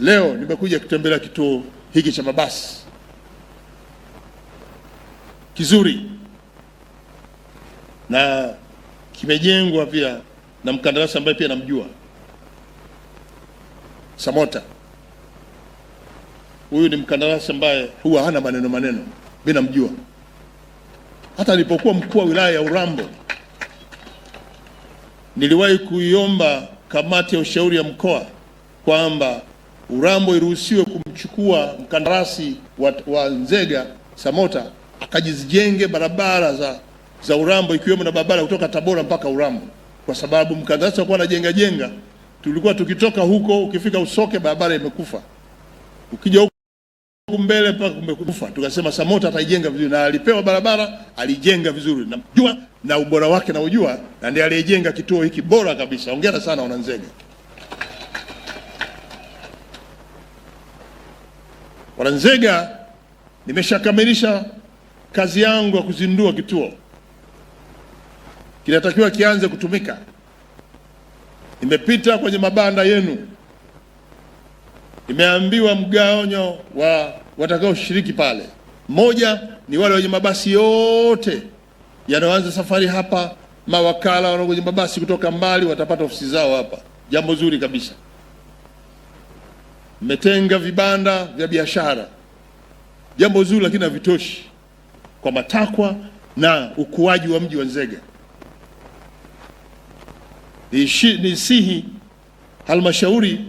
Leo nimekuja kutembelea kituo hiki cha mabasi kizuri, na kimejengwa pia na mkandarasi ambaye pia namjua Samota. Huyu ni mkandarasi ambaye huwa hana maneno maneno, mimi namjua. Hata nilipokuwa mkuu wa wilaya ya Urambo niliwahi kuiomba kamati ya ushauri ya mkoa kwamba Urambo iruhusiwe kumchukua mkandarasi wa, wa Nzega Samota akajizijenge barabara za, za Urambo ikiwemo na barabara kutoka Tabora mpaka Urambo, kwa sababu mkandarasi alikuwa anajenga jenga, tulikuwa tukitoka huko, ukifika Usoke barabara imekufa, ukija huko mbele mpaka kumekufa. Tukasema Samota ataijenga vizuri, na alipewa barabara, alijenga vizuri, namjua na ubora wake naujua, na ndiye aliyejenga kituo hiki bora kabisa. Hongera sana wananzega. Bwana Nzega, nimeshakamilisha kazi yangu ya kuzindua kituo, kinatakiwa kianze kutumika. Nimepita kwenye mabanda yenu, nimeambiwa mgaonyo wa watakaoshiriki pale. Moja ni wale wenye mabasi yote yanayoanza safari hapa, mawakala wanaokuja mabasi kutoka mbali watapata ofisi zao hapa. Jambo zuri kabisa mmetenga vibanda vya biashara, jambo zuri, lakini havitoshi kwa matakwa na ukuaji wa mji wa Nzega. Nisihi halmashauri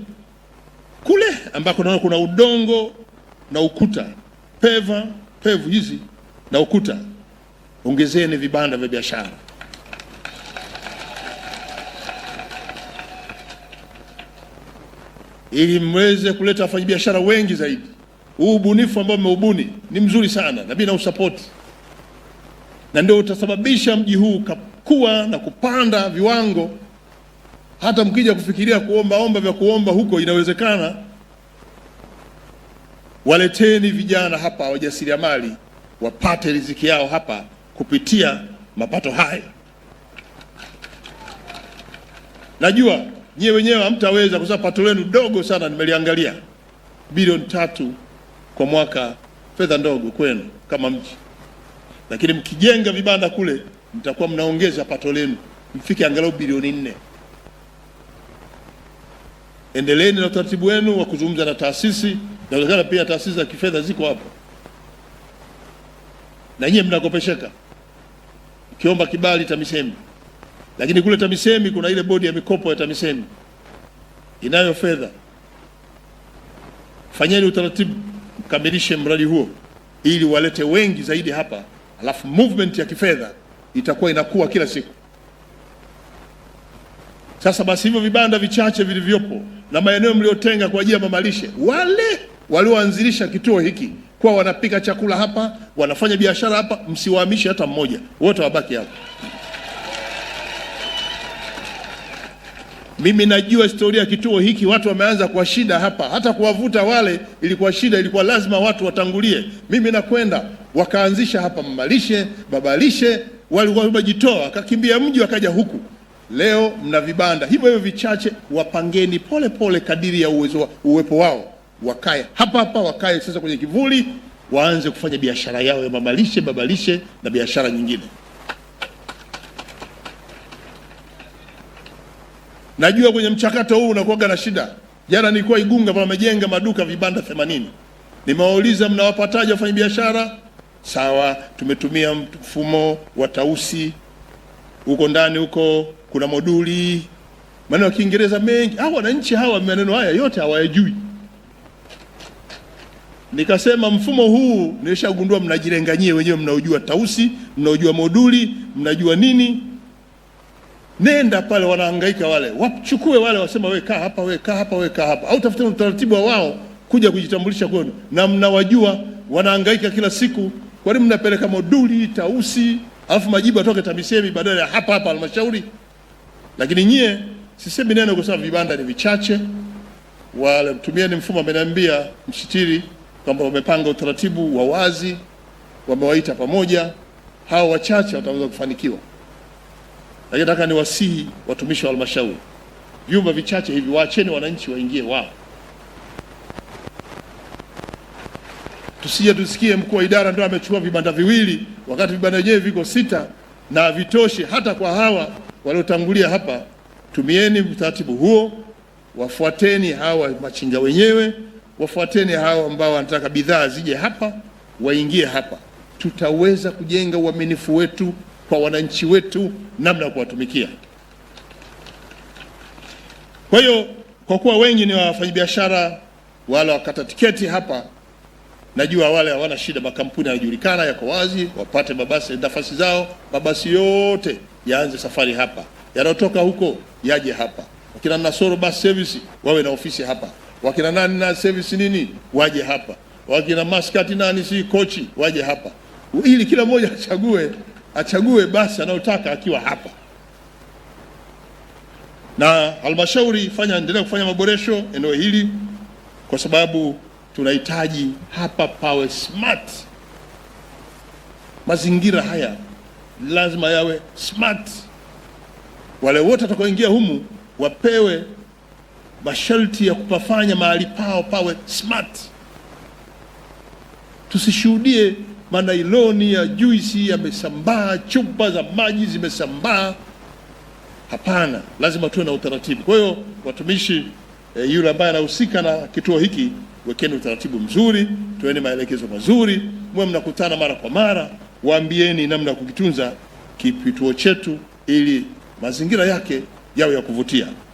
kule ambako naona kuna udongo na ukuta peva pevu hizi na ukuta, ongezeni vibanda vya biashara. ili mweze kuleta wafanyabiashara wengi zaidi. Huu ubunifu ambao mmeubuni ni mzuri sana, na mimi nausapoti, na ndio utasababisha mji huu kukua na kupanda viwango. Hata mkija kufikiria kuomba omba vya kuomba huko, inawezekana. Waleteni vijana hapa wajasiriamali wapate riziki yao hapa kupitia mapato haya. Najua nyie wenyewe hamtaweza kwa sababu pato lenu dogo sana, nimeliangalia bilioni tatu kwa mwaka, fedha ndogo kwenu kama mji, lakini mkijenga vibanda kule mtakuwa mnaongeza pato lenu mfike angalau bilioni nne. Endeleeni na utaratibu wenu wa kuzungumza na taasisi, nawezekana pia taasisi za kifedha ziko hapo, na nyie mnakopesheka kiomba kibali TAMISEMI. Lakini kule TAMISEMI kuna ile bodi ya mikopo ya TAMISEMI inayo fedha, fanyeni utaratibu mkamilishe mradi huo ili walete wengi zaidi hapa, alafu movement ya kifedha itakuwa inakuwa kila siku. Sasa basi, hivyo vibanda vichache vilivyopo na maeneo mliotenga kwa ajili ya mamalishe, wale walioanzilisha kituo hiki kwa wanapika chakula hapa, wanafanya biashara hapa, msiwahamishe hata mmoja, wote wabaki hapa. Mimi najua historia ya kituo hiki, watu wameanza kwa shida hapa, hata kuwavuta wale ilikuwa shida, ilikuwa lazima watu watangulie. Mimi nakwenda, wakaanzisha hapa mamalishe, babalishe, walikuwa wamejitoa, akakimbia mji wakaja huku. Leo mna vibanda hivyo hivyo vichache, wapangeni pole pole kadiri ya uwezo, uwepo wao, wakae hapa hapa, wakae sasa kwenye kivuli, waanze kufanya biashara yao ya mamalishe, babalishe na biashara nyingine. Najua kwenye mchakato huu unakuwaga na shida. Jana nilikuwa Igunga wamejenga maduka vibanda 80. Nimewauliza mnawapataje wafanyabiashara? Sawa, tumetumia mfumo wa tausi huko ndani huko kuna moduli, maneno ya Kiingereza mengi. Hao wananchi hawa maneno haya yote hawayajui. Nikasema mfumo huu nimeshagundua, mnajirenganyie wenyewe, mnaojua tausi, mnaojua moduli, mnajua nini nenda pale, wanahangaika wale, wachukue wale, wasema wewe kaa hapa, wewe kaa hapa, wewe kaa hapa, au tafuta utaratibu wa wao kuja kujitambulisha kwenu, na mnawajua wanahangaika kila siku. Kwani mnapeleka moduli tausi, alafu majibu atoke TAMISEMI badala ya hapa hapa halmashauri? Lakini nyie, sisemi neno kwa sababu vibanda ni vichache, wale mtumieni mfumo. Ameniambia msitiri kwamba wamepanga utaratibu wa wazi, wamewaita pamoja, hao wachache wataweza kufanikiwa. Lakini nataka niwasihi watumishi wa halmashauri, vyumba vichache hivi waacheni wananchi waingie wao. Tusije tusikie mkuu wa idara ndio amechukua vibanda viwili, wakati vibanda vyenyewe viko sita na havitoshi hata kwa hawa waliotangulia hapa. Tumieni utaratibu huo, wafuateni hawa machinga wenyewe, wafuateni hawa ambao wanataka bidhaa zije hapa, waingie hapa, tutaweza kujenga uaminifu wetu kwa wananchi wetu, namna ya kuwatumikia. Kwa hiyo kwa kuwa wengi ni wafanyabiashara wale wakata tiketi hapa, najua wale hawana shida, makampuni yanajulikana, yako wazi, wapate mabasi nafasi zao. Mabasi yote yaanze safari hapa, yanayotoka huko yaje hapa. Wakina Nasoro bus service wawe na ofisi hapa, wakina nani na service nini waje hapa, wakina Maskati nani si kochi waje hapa, ili kila mmoja achague achague basi anayotaka akiwa hapa, na halmashauri fanya endelea kufanya maboresho eneo hili, kwa sababu tunahitaji hapa pawe smart. Mazingira haya lazima yawe smart. Wale wote watakaoingia humu wapewe masharti ya kupafanya mahali pao pawe smart, tusishuhudie manailoni ya juisi yamesambaa, chupa za maji zimesambaa. Hapana, lazima tuwe na utaratibu. Kwa hiyo watumishi e, yule ambaye anahusika na kituo hiki, wekeni utaratibu mzuri, tuweni maelekezo mazuri, mwe mnakutana mara kwa mara, waambieni namna ya kukitunza kituo chetu ili mazingira yake yawe ya kuvutia.